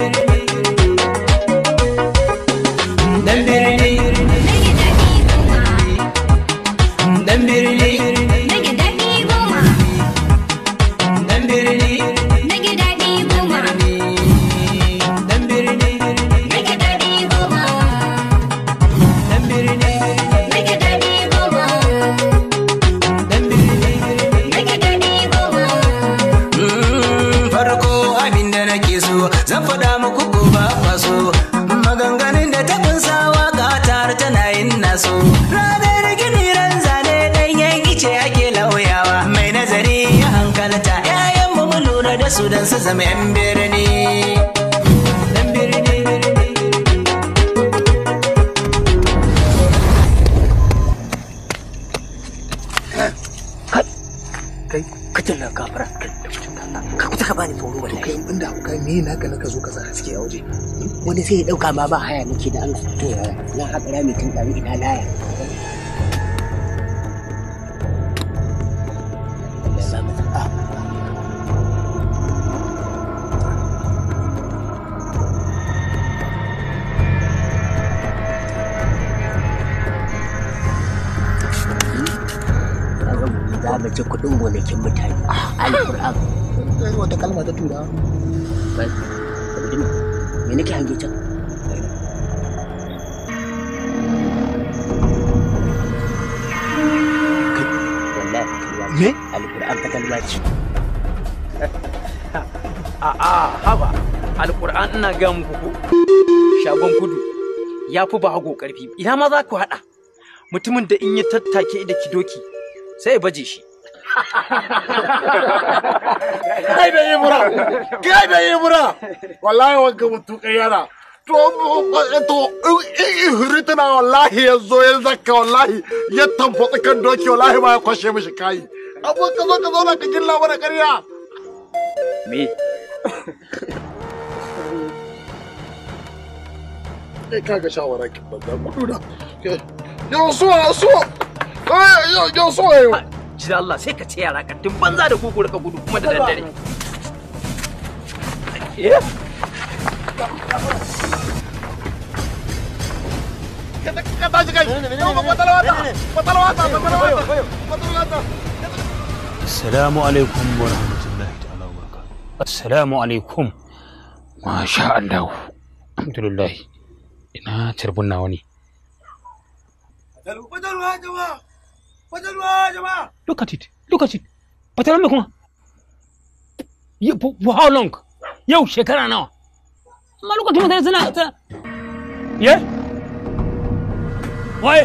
living me na ka naka zo ka sa haske a waje wani sai ya dauka ma ba haya nake da Allah to yaya na haka rami tun ɗari ina laya kuɗin gonakin mutane alkur'an wata kalma ta turawa altakalma ce a'a haba alƙur'an ina ga muku shagon kudu ya fi ba hago ƙarfi ina ma za ku haɗa mutumin da in ya tattake da kidoki sai ya baje shi kai da yi mura kai da yi mura wallahi wanka mutuƙa yana to in hurita na wallahi ya zo ya zaka wallahi ya tamfa tsakan doki wallahi ma ya kwashe mishi kayi a ka zo ka na ka gilla mana ƙarya. Me? Kai kaga shawara ki banza kudu da. Yau so so. Yau so yau. Jira Allah sai ka ce yara ka tun banza da kuku ka gudu kuma da daddare. Eh? Kata kata jikai. Kata wata. Assalamu alaikum wa rahmatullahi ta'ala wa barakatuh. Assalamu alaikum. Masha Allah. Alhamdulillah. Ina tarbun nawa ne. Fatarwa jama'a. Fatarwa jama'a. Look at it. Look at it. Fatarwa kuma. For how long? Yau shekara nawa. Amma lokacin mutane suna. Yeah? Why?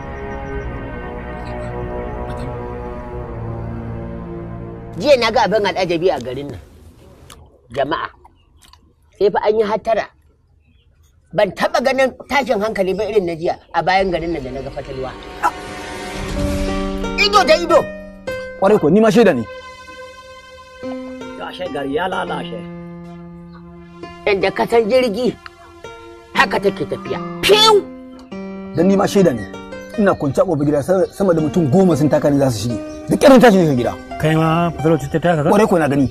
jiya na ga abin al'ajabi a garin nan jama'a sai fa an yi hatara ban taba ganin tashin hankali ba irin na jiya a bayan garin nan da na ga fatalwa ido da ido kwarai ko ni ma shaida ne gashe gari ya lalace inda ka san jirgi haka take tafiya fiw dan ni ma shaida ne ina kunta gobe gida sama da mutum goma sun taka ni za su shige duk irin tashi daga gida kai ma fasalocin ta taka kwarai ko na gani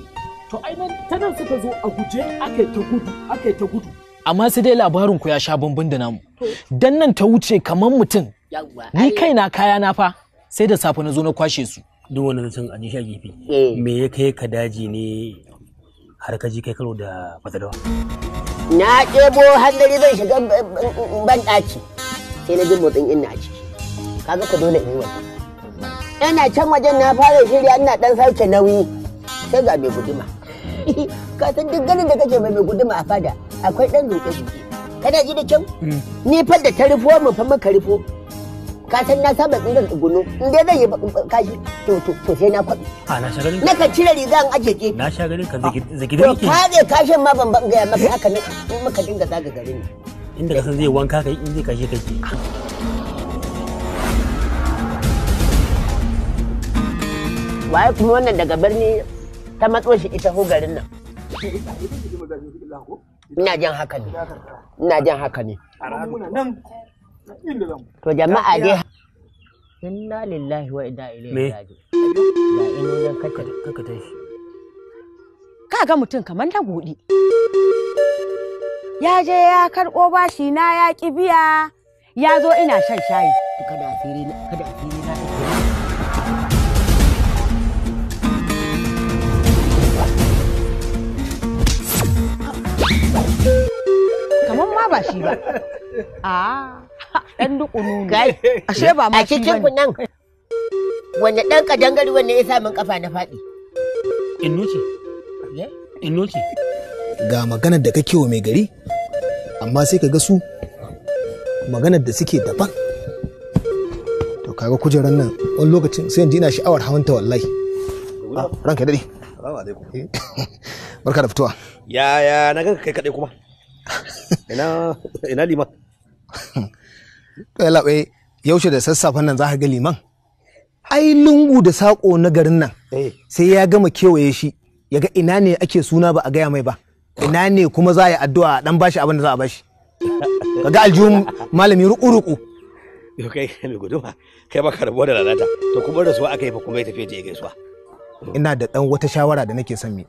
to ai nan ta nan suka zo a guje ake ta gudu ake ta gudu amma sai dai labarin ku ya sha bambam da namu dan nan ta wuce kamar mutum ni kaina kaya na fa sai da safe na zo na kwashe su duk wannan sun a shi gefe eh. me ya kai ka daji ne har ka ji kai karo da fasalwa na ɗebo hannari zan shiga ban ɗaki sai na jin motsin ina a ciki kaga ka dole in yi wannan yana can wajen na fara shirya ina dan sauke nauyi sai ga mai guduma ka san duk ganin da kake mai guduma a fada akwai dan roƙe jiki kana ji da kyau mm. ni fa da ta rufo mu fa maka rufo ka san na saba tsirin tsuguno in dai zai yi kashi to to to sai na kwabi a na shagalin na ka cire riga an aje ke na shagalin ka ah, zaki da yake ka ne kashin ma ban ga maka haka ne maka dinga zaga garin inda ka san zai wanka kai in zai kashe kake waye kuma wannan daga birni ta matso shi ita ho garin nan ina jan haka ne ina jan haka ne to jama'a dai inna lillahi wa inna ilaihi raji'un da ino ka ka ka tashi ka ga mutum kamar na gudi ya je ya karɓo bashi na ya ƙi biya ya zo ina shan shayi kada asiri kada asiri ma ba shi ba a ah, dan dukunu ne ashe ba ma shi bane nan wanne dan kadangari wanne ya sa min kafa na faɗi inno ce inno ce ga magana da kake wa mai gari amma sai ka ga su maganar da suke daban to kaga kujeran nan wani lokacin sai yanzu ina sha'awar hawan ta wallahi ah, ranka dade barka da fitowa yaya na ganka kai kadai kuma ina ina liman yaushe da sassafen nan za ka ga liman ai lungu da sako na garin nan eh. sai ya gama kewaye shi ya ga ina ne ake suna ba a gaya mai ba ina ne kuma za a yi addu'a dan bashi abin da za a bashi kaga aljihun malami ruku-ruku kai mai guduma kai baka da lalata to kuma rasuwa fa kuma ya tafi je gaisuwa ina da dan wata shawara da nake son mi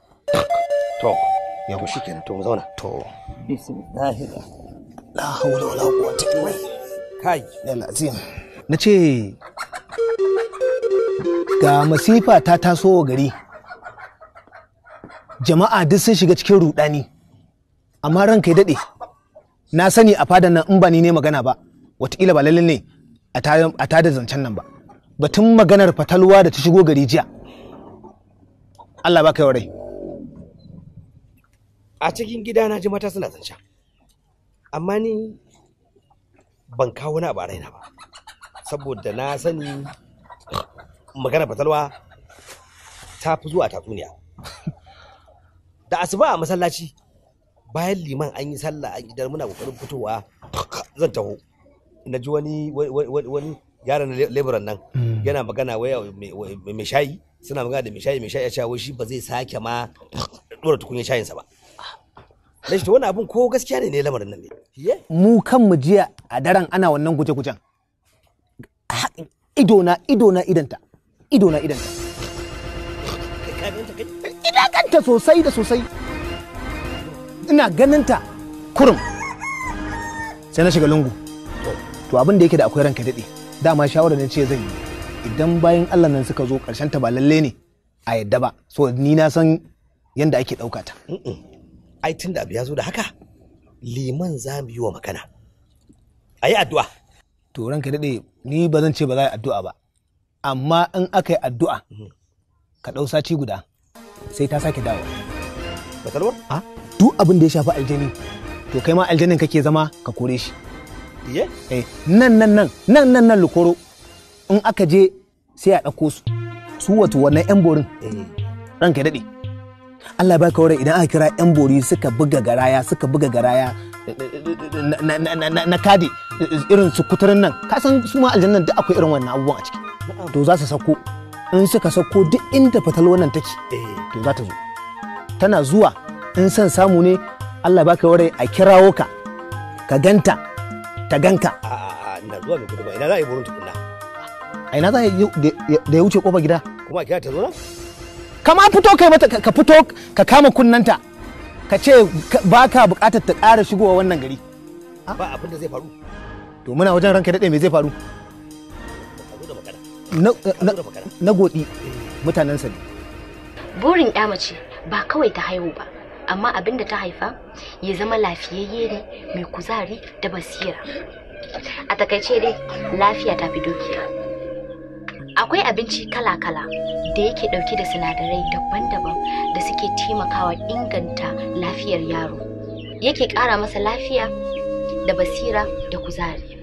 to yau shi kenan to mu zauna to bismillahir la hawla wala quwwata illa kai azim nace ga masifa ta taso wa gari jama'a duk sun shiga cikin rudani amma ranka ya dade na sani a fadan nan in ba ni ne magana ba wataƙila ba lalle ne a tada zancen nan ba batun maganar fatalwa da ta shigo gari jiya Allah baka yau rai a cikin gida na ji mata suna zanca amma ni ban kawo na ba raina ba saboda na sani magana fatalwa ta fi zuwa tatsuniya da asuba a masallaci bayan liman an yi sallah an idan muna kokarin fitowa zan taho na ji wani wani na leburan nan mm. yana magana waya mai shayi suna magana da mai shayi mai shayi ya shawo shi ba zai sake ma dora tukunyar shayinsa ba Rashi to wani abin ko gaskiya ne ne lamarin nan ne mu kan mu jiya a daren ana wannan guje-gujen ido na ido na idanta ido na idanta ina ganta sosai da sosai ina ganinta kurum sai na shiga lungu to abin da yake da akwai ranka daɗe dama shawarar ne ce zan yi idan bayan allah nan suka zo karshen ta ba lalle ne a yadda ba so ni na san yadda ake ɗauka ta ai tun da abu ya zo da haka liman za mu yi wa magana a yi addu'a to ranka daɗe ni ba zan ce ba za a yi addu'a ba amma in aka yi addu'a mhm. ka ɗau sati guda sai ta sake dawo batalwar a duk abin da ya shafi aljani to kai ma aljanin kake zama ka kore shi eh nan nan nan nan nan nan lukoro in aka je sai a ɗauko su su wato wannan yan borin eh. ranka daɗe Allah ba ka idan aka kira 'yan bori suka buga garaya suka buga garaya na kadi irin su kuturin nan ka san su ma aljannan duk akwai irin wannan abubuwan a ciki to za su sako in suka sako duk inda fatal wannan take to za ta zo tana zuwa in san samu ne Allah ba ka a kirawo ka ka ganta ta ganka ina zuwa mai kudu ba ina za a yi burin tukunna a ina za a yi da ya wuce kofar gida kuma a kira ta zo nan kama fito kai mata ka fito ka kama kunnanta ka ce ba ka bukatar ta ƙara shigowa wannan gari ba abin da zai faru to muna wajen ranka daɗe me zai faru na godi mutanen sani. burin ya mace ba kawai ta haihu ba amma abin da ta haifa ya zama lafiyayye ne mai kuzari da basira a takaice dai lafiya ta fi dukiya akwai abinci kala-kala da yake ɗauke da sinadarai daban-daban da suke taimakawa inganta lafiyar yaro yake ƙara masa lafiya da basira da kuzari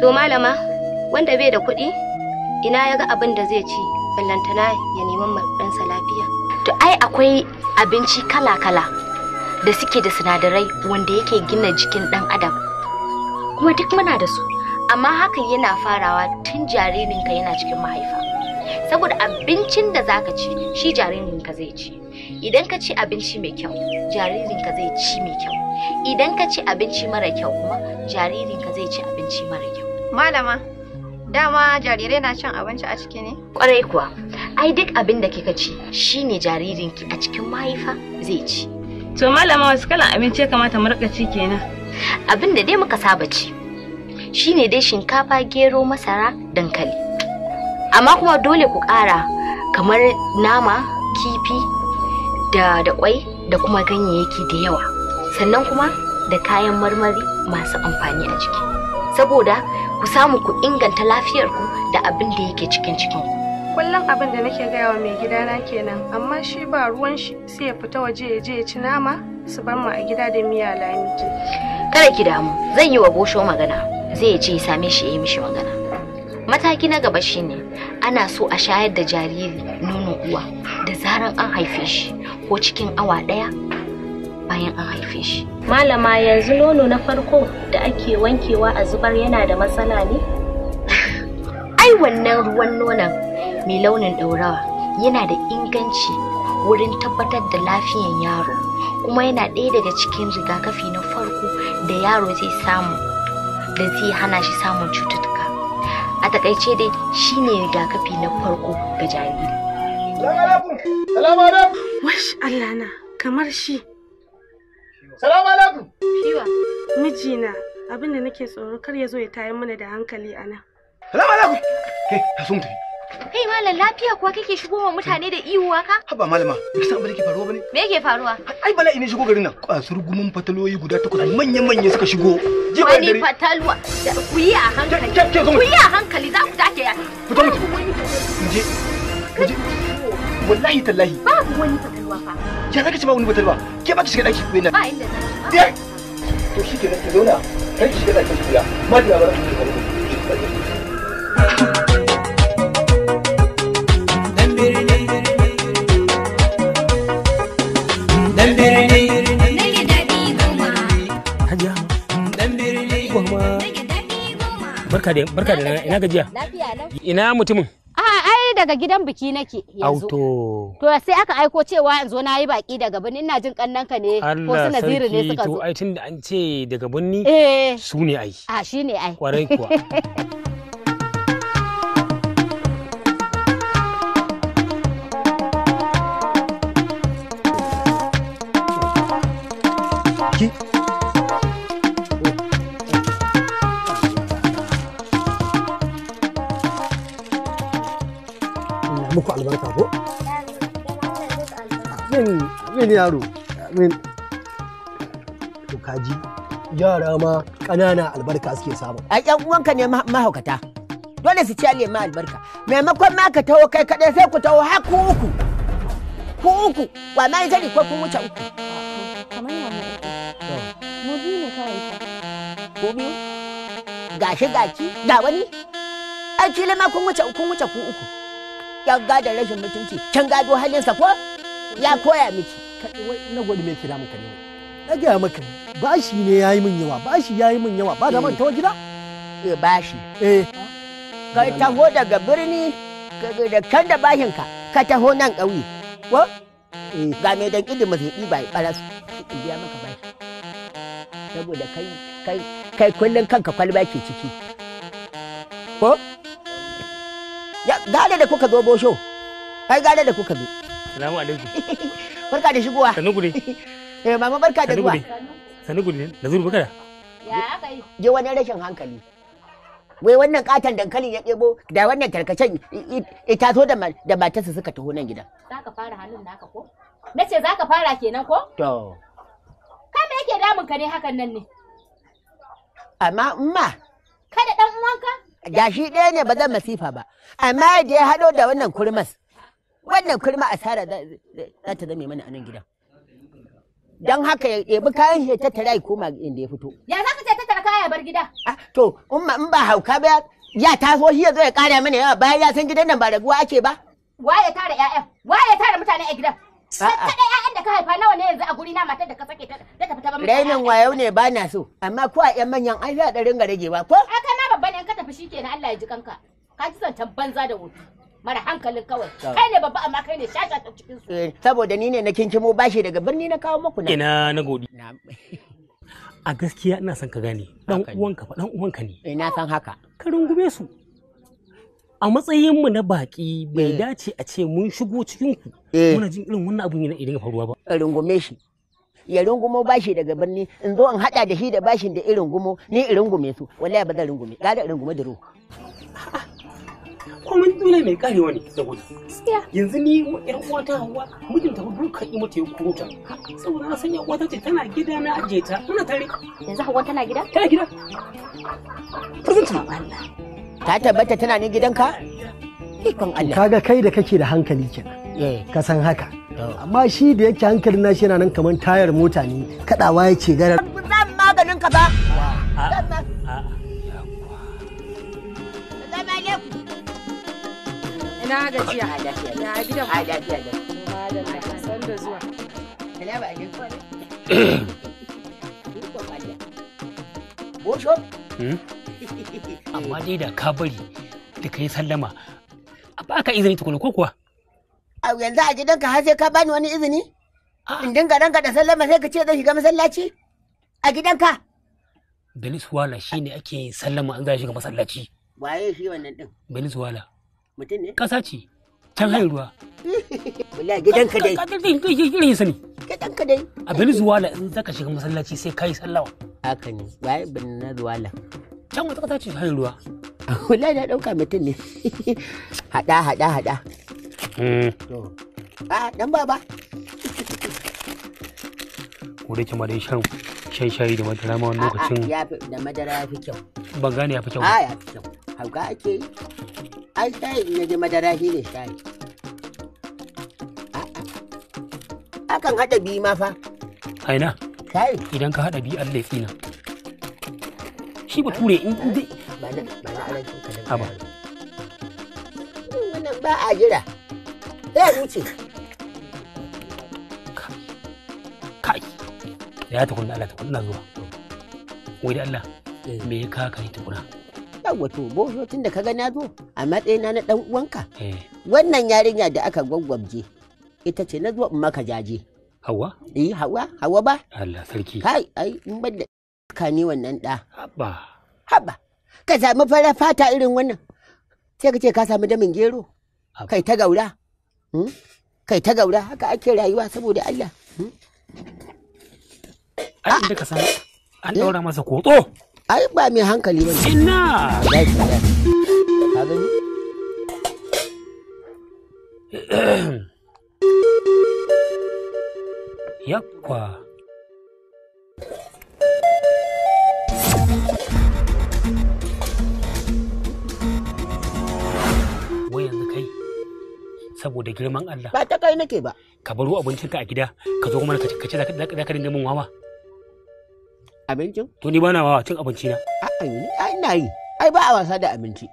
to malama wanda bai da kuɗi ina ya ga abin da zai ci ballantana ya neman ɗansa lafiya to ai akwai abinci kala-kala da suke da sinadarai wanda yake gina jikin ɗan adam kuma duk muna da su amma hakan yana farawa tun jaririnka yana cikin mahaifa saboda abincin da zaka ci shi jaririnka zai ci idan ka ci abinci mai kyau jaririnka zai ci mai kyau idan ka ci abinci mara kyau kuma jaririnka zai ci abinci mara kyau malama dama jarirai na cin abinci a ciki ne kwarai kuwa ai duk abin da kika ci shine jaririnki a cikin mahaifa zai ci to malama wasu kalan abinci ya kamata mu rika ci kenan abin da dai muka saba ci shine dai shinkafa gero masara dankali amma kuma dole ku ƙara kamar nama kifi da da kwai da kuma ganyayyaki da yawa sannan kuma da kayan marmari masu amfani a jiki saboda ku samu ku inganta lafiyarku da abin da yake cikin cikinku kullum abin da nake gaya wa mai gida na kenan amma shi ba ruwan shi sai ya fita waje ya je ya ci nama su bar mu a gida da miya lami kada ki damu zan yi wa bosho magana zai je same shi yi mishi magana mataki na gaba shine ana so a shayar da jariri nono uwa da zaran an haife shi ko cikin awa daya bayan an haife shi malama yanzu nono na farko da ake wankewa a zubar yana da matsala ne ai wannan ruwan nonon mai launin ɗaurawa yana da inganci wurin tabbatar da lafiyan yaro kuma yana ɗaya daga cikin rigakafi na farko da yaro zai samu da zai hana shi samun cututtuka a takaice dai shine rigakafi na farko ga jariri wash Allah na kamar shi salamu alaikum fiwa mijina abinda nake tsoro kar ya zo ya tayi mana da hankali a salamu alaikum ke ka sun tafi Kai malam lafiya kuwa kake shigo wa mutane da ihuwa ka? Haba malama, ba san abin da ke faruwa bane? Me yake faruwa? Ai bala ne shigo garin nan. Kasur gumin fataloyi guda takwas manya-manya suka shigo. Wani fatalwa ku yi a hankali. Ku yi a hankali za ku take ya. Fito mu je. Je. Wallahi tallahi. ku wani fatalwa fa. Ya zaka ci ba wani fatalwa? Ke ba ki shiga daki ku yana. Ba inda za. To shi ke nan ki zauna. kai shi shiga daki ku ya. Ma da ba za ku shiga barka da barka da ina gajiya ina mutumin a ah, ai daga gidan biki nake yanzu auto to sai aka aiko cewa yanzu na yi baki daga birni ina jin ka ne ko su naziru ne suka zo to ai tunda an ce daga birni eh. su ne ai a ah, shine ai kwarai kuwa muku albarka ko min min yaro min to kaji yara ma ƙanana albarka suke samu a ƴan uwanka ne mahaukata dole su ci ma albarka maimakon ma ka taho kai kaɗai sai ku taho har ku uku ku uku wa ma jari ko kun wuce uku kamar mu ko biyu gashi gaki ga wani ai kila ma kun wuce kun wuce ku uku ya gada rashin mutunci can gado halinsa ko ya koya miki na gwada mai kira maka ne na gaya maka bashi ne yayi min yawa bashi yayi min yawa ba da man eh. tawo gida eh bashi eh kai taho daga birni da kan da bashin ka ka taho nan ƙauye ko eh. ga mai dan idin mace ɗiba bai baras in biya maka bashi saboda kai kai kai kullun kanka kwalba ke ciki ko gare da kuka zo bosho Kai gare da kuka zo salamu alaikum barka da shigowa sanu gure eh mama barka da zuwa sanu gure da zuwa barka ya aka yi je wani rashin hankali wai wannan katon dankalin ya ɗebo da wannan tarkacen ita so da matarsa suka taho nan gidan za ka fara hannun naka ko na ce za ka fara kenan ko to kama yake damun ka ne hakan nan ne amma umma kada dan uwanka gashi ɗaya ne ba zan masifa ba amma da ya haɗo da wannan kurmas wannan kurma asara za ta zame mana a nan gidan don haka ya ɗebi kayan shi ya tattara ya koma inda ya fito ya za ka ce tattara kaya bar gida to in ba hauka ba ya taso shi ya zo ya ƙara mana yawa bayan ya san gidan nan ba raguwa ake ba waye ya tara ƴaƴan wa tara mutane a gidan Sai ƴaƴan da ka haifa nawa ne yanzu a guri na matar da ka sake ta tafi ta ba mutane. Rainin wayo ne ba na so, amma ko a ƴan manyan an za a ɗarin ga ragewa ko? Aka tafi shi kenan Allah ya ji kanka ka ji zantan banza da wofi mara hankalin kawai kai ne babba amma kai ne shasha ta cikin su eh, saboda ni ne na kinkimo bashi daga birni na kawo muku na ina na godi a gaskiya ina son ka gane dan uwanka fa dan uwanka ne ina eh, san haka ka rungume su a matsayin mu na baki bai eh. dace a ce mun shigo cikin ku muna jin irin wannan abun yana idan faruwa ba rungume shi ya rungumo bashi daga birni in zo in hada da shi da bashin da irin gumo ni irin gume su wallahi ba zan rungume ga da irin gume da ro komai dole mai karewa ne da gudu yanzu ni uwa ta hawa mijinta duka yi mata ya kuruta saboda na san uwa ta ce tana gida na ajiye ta muna tare yanzu hawa tana gida tana gida present ma Allah ta tabbata tana ne gidanka ikon Allah kaga kai da kake da hankali kenan eh. ka san haka amma shi da yake hankali na shi yana nan kamar tayar mota ne kadawa ya ce gara zan maganin ka ba ina gajiya gidan a lafiya da san da zuwa hmm? amma dai da ka bari da ka yi sallama ba ka izini tukuna ko kuwa yanzu a gidanka har sai ka bani wani izini in dinga ranka da sallama sai ka ce zan shiga masallaci a gidanka Belis wala ne ake yin sallama an za shiga masallaci waye shi wannan din Belis wala mutum ne kasa ce can hanyar ruwa wallahi gidanka dai irin yin sani gidanka dai a Belis wala in zaka shiga masallaci sai kai sallama haka ne waye Belis wala can wata kasa ce hayin ruwa Wala na ɗauka mutum ne Haɗa haɗa haɗa. a dan baba ko da kima dai shan shan shayi da madara ma lokacin ya fi da madara ya fi kyau ban gane ya fi kyau a ya fi kyau hauka ake yi ai shayi na ji madara shi ne shayi akan hada biyu ma fa aina shayi idan ka hada biyu allah tsina shi ba ture in dai ba na ba na ba ba a jira ya wuce ya ta kunna Allah ta kunna zuwa wai da Allah eh. me ya ka ni tukuna yawa to bozo tun ka kaga na zo a matsayina na dan uwanka eh. wannan yarinya da aka gwaggwabje ita ce na zo in maka jaje hawa eh hawa hawa ba Allah sarki kai ai in ban da ka ni wannan da haba haba ka samu fara fata irin wannan sai ka ce ka samu damin gero kai ta gaura Hmm? kai ta gaura haka ake rayuwa saboda Allah hmm? ai inda ah! ka sani, an daura eh? masa kotso ai ba mai hankali ba ina ka gani yakwa saboda girman Allah ba ta kai nake ba ka baro ka a gida ka zo mana ka ce za ka dinga min wawa abincin to ni bana wawa cin abinci na a'a ina yi ai ba a wasa da abinci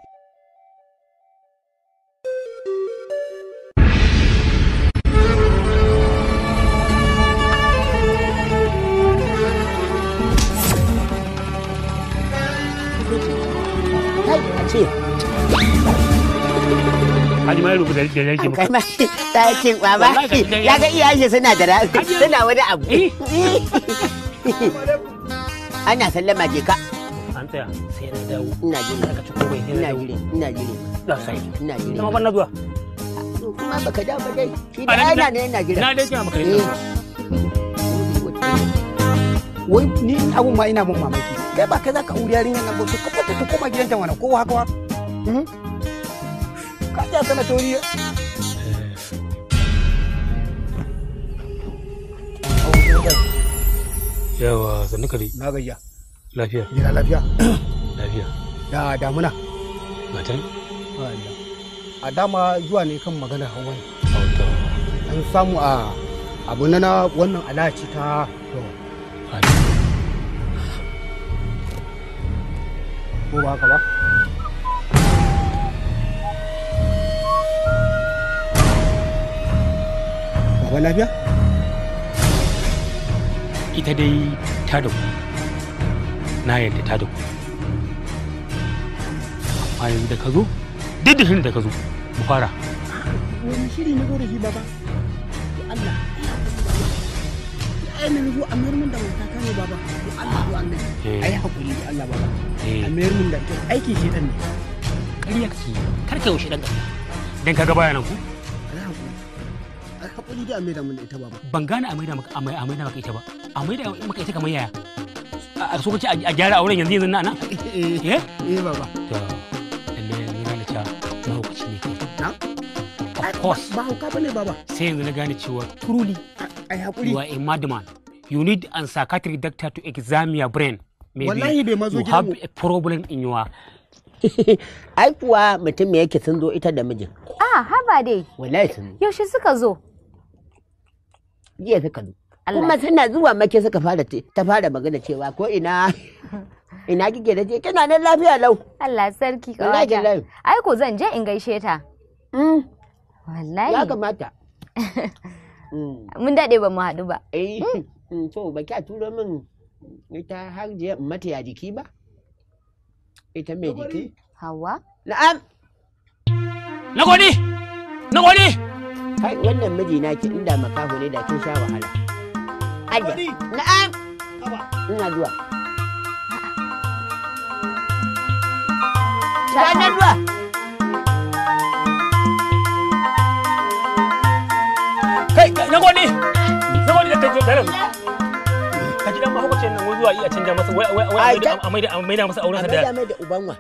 ku da yake Kai ma ta ce ya ga iyaye suna da suna wani abu. Eh? Ana sallama je ka. An tsaya sai na dawo. Ina Ina Ina Ina Kuma baka dawo ba Shi da ana ne ina jira. Na dai kina maka eh. Wai ni abun ma ina mun mamaki. Kai ba aure yarinyar nan ba to ka ta koma haka hmm? kaja tana tauri yawa sannu kare na gayya lafiya ina lafiya lafiya da damuna matan a dama zuwa ne kan magana hawan an samu a abu na wannan alaci ta ko ba haka ba kuwa lafiya? ita dai ta da ku na yadda ta da ku amma yanzu da ka zo duk da shirin da ka zo mu fara wani shiri na zo da shi ba ba ya Allah ya na zo a mayar min da wata kano ba ba to Allah ko Allah eh. ai haƙuri da Allah ba ba eh. a mayar min da shi ɗan ne ƙarya kake kar ka ɗan ɗan ɗan ka ga bayanan ku kuɗi da amai da mun ita ba ban gane da maka ita ba maka a so a gyara yanzu yanzu na gane eh, eh? eh, na of course ba cewa truly ai hakuri you you need an psychiatric doctor to examine your brain maybe wallahi bai mazo gidan you have a problem in your ai kuwa mutum me yake sun zo ita da mijin a ah, haba dai wallahi sun yaushe suka zo jiya suka zo kuma suna zuwa make suka fara ta fara magana cewa ko ina ina kike da je kina nan lafiya lau Allah sarki kawaja ai ko zan je in gaishe ta hmm. wallahi ya kamata hmm. mun dade ba mu haɗu ba eh hmm. to ba kya turo min ita har je mata ya jiki ba ita mai jiki hawa na'am na gode na gode kai wannan miji na ki inda makaho ne da kin sha wahala aje na'am ina zuwa sanar zuwa kai na gode na gode da ta zo tare ka ji dan mahaukacin nan wai zuwa iya canja masa wai wai a da masa auren sa da a da uban wa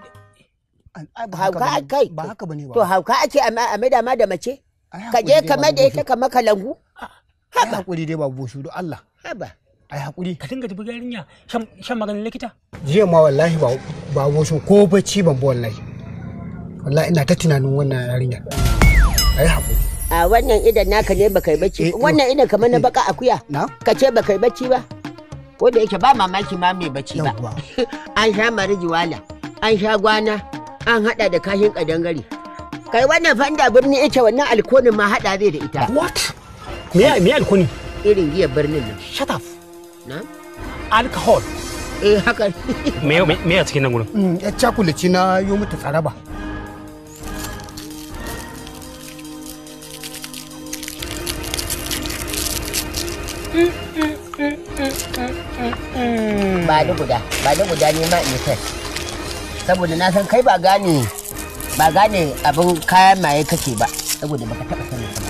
hauka kai ba haka bane ba to hauka ake a da ma da mace ka je ka made ita ka maka langu ah, haba hakuri dai babu shudu Allah haba ai hakuri ka dinga tafi yarinya shan maganin likita jiya ma wallahi ba ba boshu ko bacci ban bo wallahi wallahi ina ta tunanin wannan yarinya ai hakuri a wannan idan naka ne baka bacci eh, eh, wannan idan kamar na eh. baka akuya ka ce baka bacci ba ko da yake ba mamaki ma mai bacci ba an sha marijuwala an sha gwana an hada da kashin kadangare kai wannan fanda birni ita wannan alkonin ma hada zai da ita what me me alkoni irin giya birnin nan shut up na alcohol eh haka me me a cikin nan gurin mm, ya cakulaci na yo mata tsaraba ba da guda ba da guda ne ma in saboda na san kai ba gane ba gane abin kayan maye kake ba saboda baka taba sani ba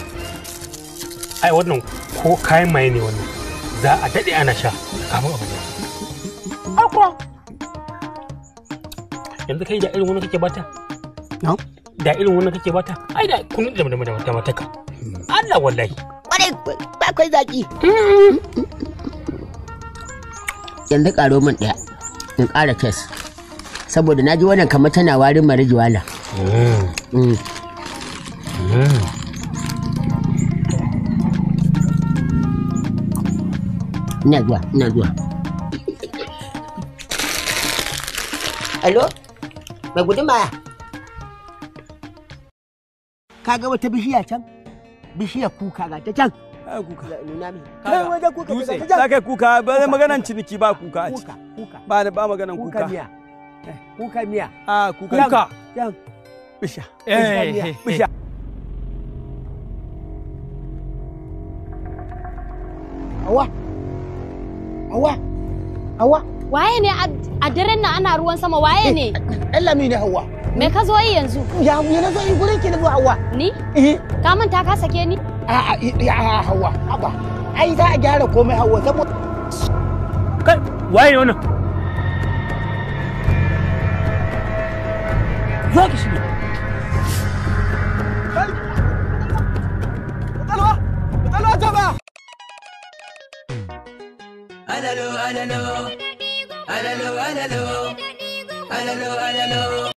ai wannan ko kayan maye ne wannan za a dade ana sha kafin abu akwa yanzu kai da irin wani kake bata da irin wani kake bata ai da kun da da da mataka Allah wallahi kwarai ba kai zaki yanzu karo min daya in ƙara kes saboda na ji wannan kamar tana warin marijuana Mm. Yeah. Alo? Mai Ka ga wata bishiya can? Bishiya kuka ga ta can. kuka. kuka dutse. Za kuka ba maganan ciniki ba kuka a ciki. Kuka. Ba ba maganan kuka. Kuka miya. Eh, kuka miya. Ah kuka. Kuka. Eh, bisha. Bisha. Awa. Awa. Awa. Waye ne a daren nan ana ruwan sama waye eh, ne? Allah ne Hauwa. Me ka zo yi yanzu? Ya mu na zo yi gurin ki na zo Hauwa. Ni? Eh. Ka manta ka sake ni? A a Hauwa. Haba. Ai za a gyara komai Hauwa saboda Kai waye ne wannan? Zo ki shiga. alalo, alalo, alalo, alalo, alalo.